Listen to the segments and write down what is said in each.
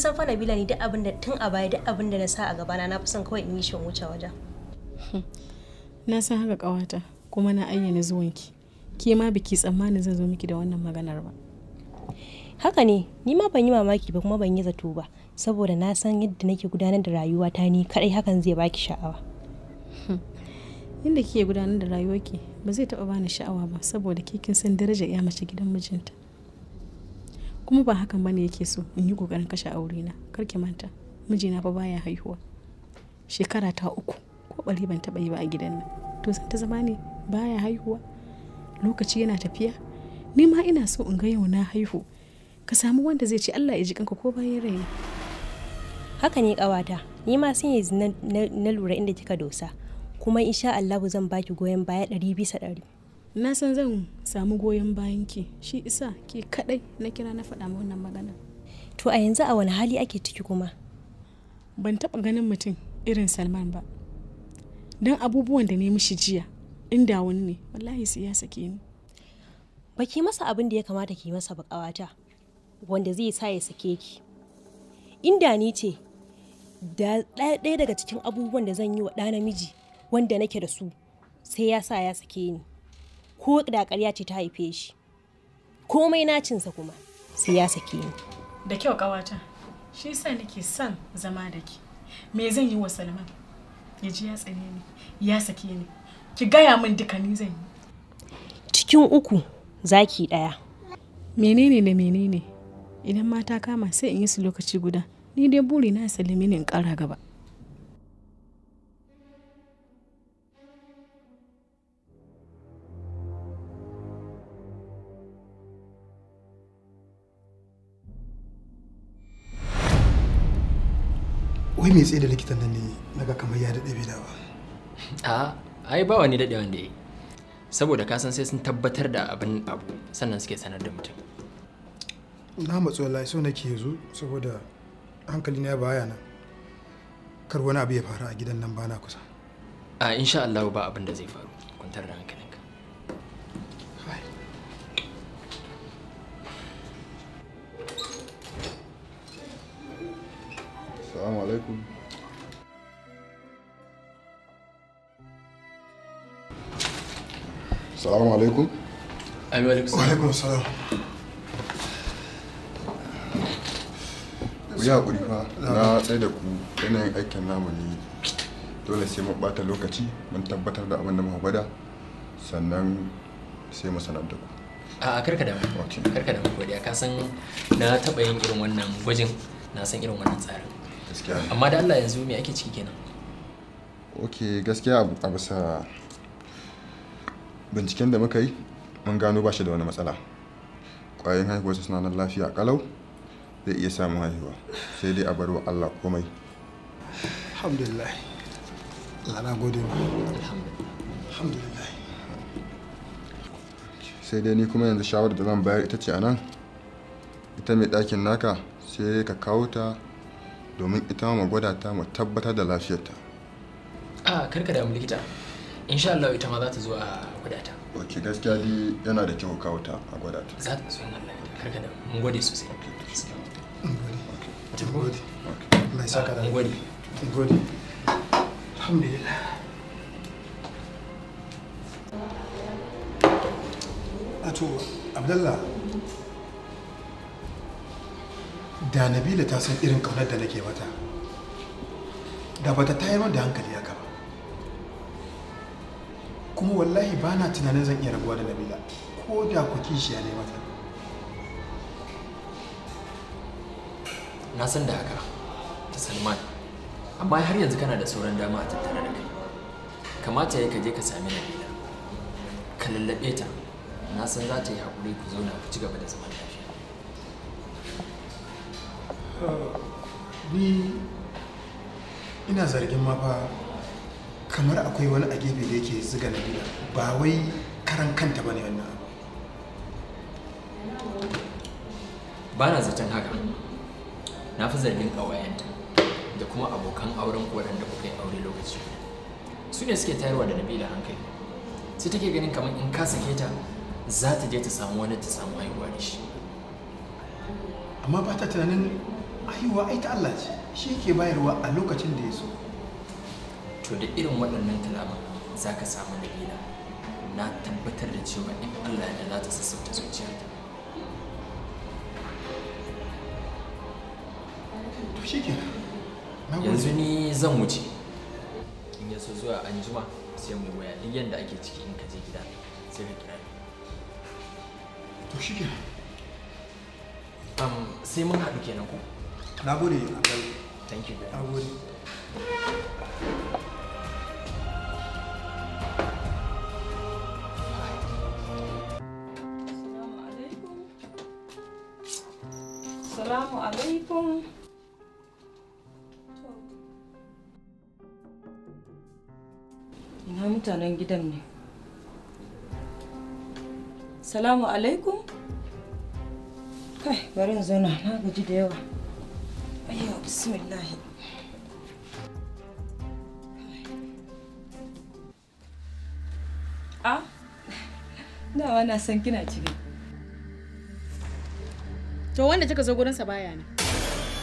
san fa Nabila ni duk abin da tun a baya duk abin da na sa a gabana na fi son kawai in yi shi wuce wajen. Hmm. Na san haka kawata kuma na ayyana zuwanki. Ke ma biki tsammanin zan zo miki da wannan maganar ba. Haka ne, ni ma ban yi mamaki ba kuma ban yi zato ba, saboda na san yadda nake gudanar da rayuwa ta ni kadai hakan zai baki sha'awa. Inda hmm. kike gudanar da rayuwarki ba zai taɓa bani sha'awa ba saboda ke kin san darajar ya mace gidan mijinta. kuma ba hakan bane yake so in yi kokarin kashe aure na kar ki manta mijina fa baya haihuwa shekara ta uku ko bari ban taba yi ba a gidan nan to san ta zama ne baya haihuwa lokaci yana tafiya ni ma ina so in ga yau na haihu ka samu wanda zai ce Allah ya ji kanka ko bayan rai haka ne kawata ni ma sun yi na lura inda kika dosa kuma insha Allah zan baki goyon baya ɗari bisa ɗari na san zan samu goyon bayan ki shi isa ke kadai na kira na faɗa wannan magana to a yanzu a wani hali ake ciki kuma ban taɓa ganin mutum irin salman ba don abubuwan da ne mishi jiya inda wani ne wallahi sai ya sake ni ba ki masa abin da ya kamata ki masa ba wanda zai sa ya sake ki inda ni ce da ɗaya daga cikin abubuwan da zan yi wa ɗa namiji wanda nake da su sai ya sa ya sake ni ko da ƙarya ce ta haife shi komai na sa kuma sai ya saki ni da kyau kawata shi yasa nake son zama da ki me zan yi wa salman ya ji ya tsane ni ya sake ni ki gaya min duka ni zan yi cikin uku zaki ɗaya menene da menene idan mata kama sai in yi su lokaci guda ni dai buri na salimi ne in kara gaba wai me tsaye da likitan nan ne naga kamar ya daɗe bai dawa a ai ba wani daɗe wanda yi saboda ka san sai sun tabbatar da abin abu sannan suke sanar da mutum na matsuwa wallahi so nake yanzu saboda hankali na baya nan kar wani abu ya faru a gidan nan bana kusa a insha Allah ba abin da zai faru kwantar da hankali Assalamu alaikum. Assalamu alaikum. Wa alaikum salam. Ku yi haƙuri fa na tsaye da ku yanayin aikin namu ne dole sai mu ɓata lokaci mun tabbatar da abin da muka gwada sannan sai mu sanar da ku. a karka da karka da mu godiya ka san na taɓa yin irin wannan gwajin na san irin wannan tsarin gaskiya amma da Allah yanzu me ake ciki kenan ok gaskiya a bisa binciken da muka yi mun gano ba shi da wani matsala ƙwayoyin haihuwarsa suna nan lafiya kalau zai iya samun haihuwa sai dai a bar wa Allah komai alhamdulillah Allah na gode ma alhamdulillah sai dai ni kuma yanzu shawarar da zan bayar ita ce anan ita mai ɗakin naka sai ka kawo ta domin ita ma gwada ta mu tabbatar da lafiyarta a karka damu likita insha Allah ita ma za ta zo a gwada ta ok gaskiya dai yana da kyau kawo ta a gwada ta za ta zo nan karka da mun gode sosai mun gode Allah ya saka da mun gode mun gode alhamdulillah ato abdallah da nabila ta san irin kaunar da nake mata da bata ta tayar da hankali haka ba kuma wallahi ba na tunanin zan iya rabuwa da nabila ko da ku kishiya ne mata na san da haka ta salman amma har yanzu kana da sauran dama a tattare da kai kamata ya kaje ka sami nabila ka lallaɓe ta na san za ta yi haƙuri ku zauna ku ci gaba da zaman lafiya ni ina zargin ma fa kamar akwai wani a gefe da yake ziga na bila ba wai karan kanta ba ne wannan ba na zaton haka na fi zargin ƙawayenta da kuma abokan auren koren da kuka yi aure lokaci su ne suke tayarwa da nabila hankali sai take ganin kamar in ka sake ta za ta je ta samu wani ta samu haihuwa da shi amma ba ta tunanin haihuwa ai ta Allah ce shi ke bayarwa a lokacin da ya so to da irin waɗannan kalaman za ka samu dalila na tabbatar da cewa in Allah ya za ta sassauta zuciyarta to shi ke yanzu ni zan wuce in ya so zuwa anjima sai mu waya duk yanda ake ciki in ka je gida sai ka kira to shi ke sai mun haɗu kenan ko na gode thank you Salamu alaikum. Ina mutanen gidan ne. Salamu alaikum. Kai, bari in zauna, na gaji da yawa. bismillah a ah, dawa na san kina ciki to wanda kika zo sa baya ne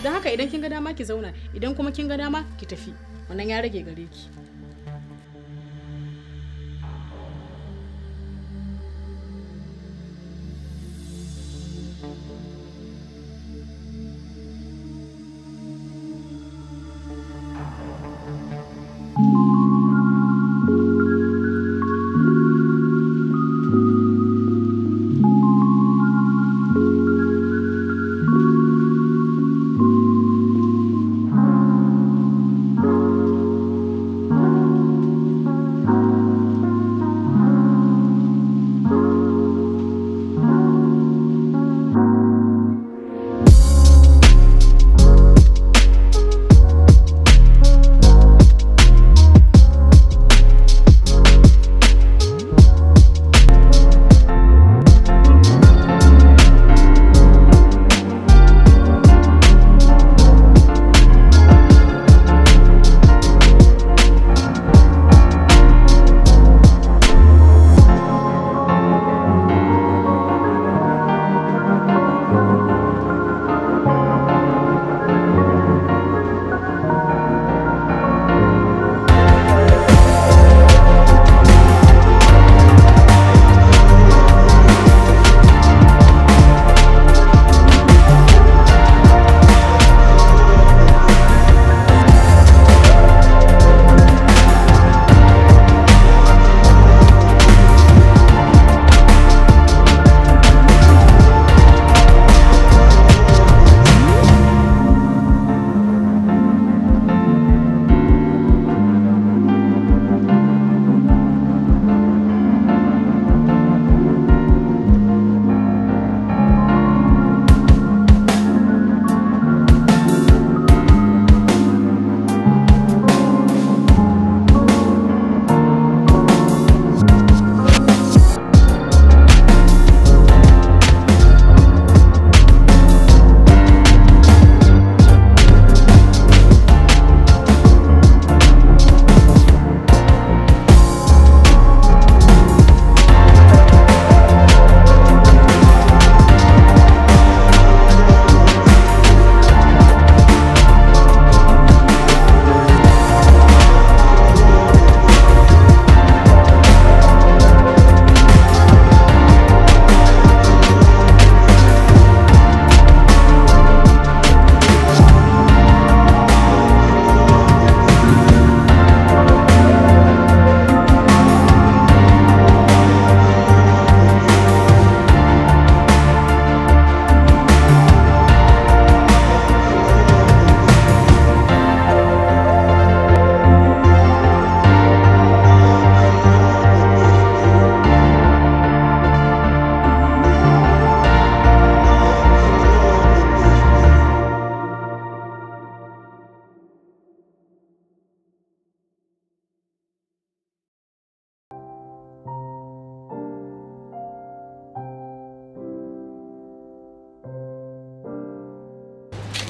don haka idan kin ga dama ki zauna idan kuma kin ga dama ki tafi wannan ya rage gare ki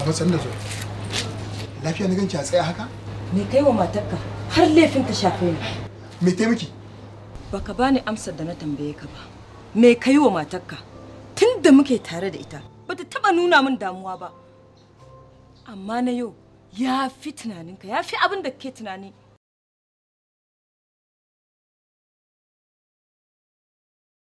Mama san da zo. Lafiya na ganki a tsaya haka? Me kai wa matarka har laifin ta shafe ni. Me tai miki? Baka bani amsar da na tambaye ka ba. Me kai wa matarka? Tunda muke tare da ita, bata taba nuna min damuwa ba. Amma na yau ya fi tunaninka, ya fi abin da ke tunani.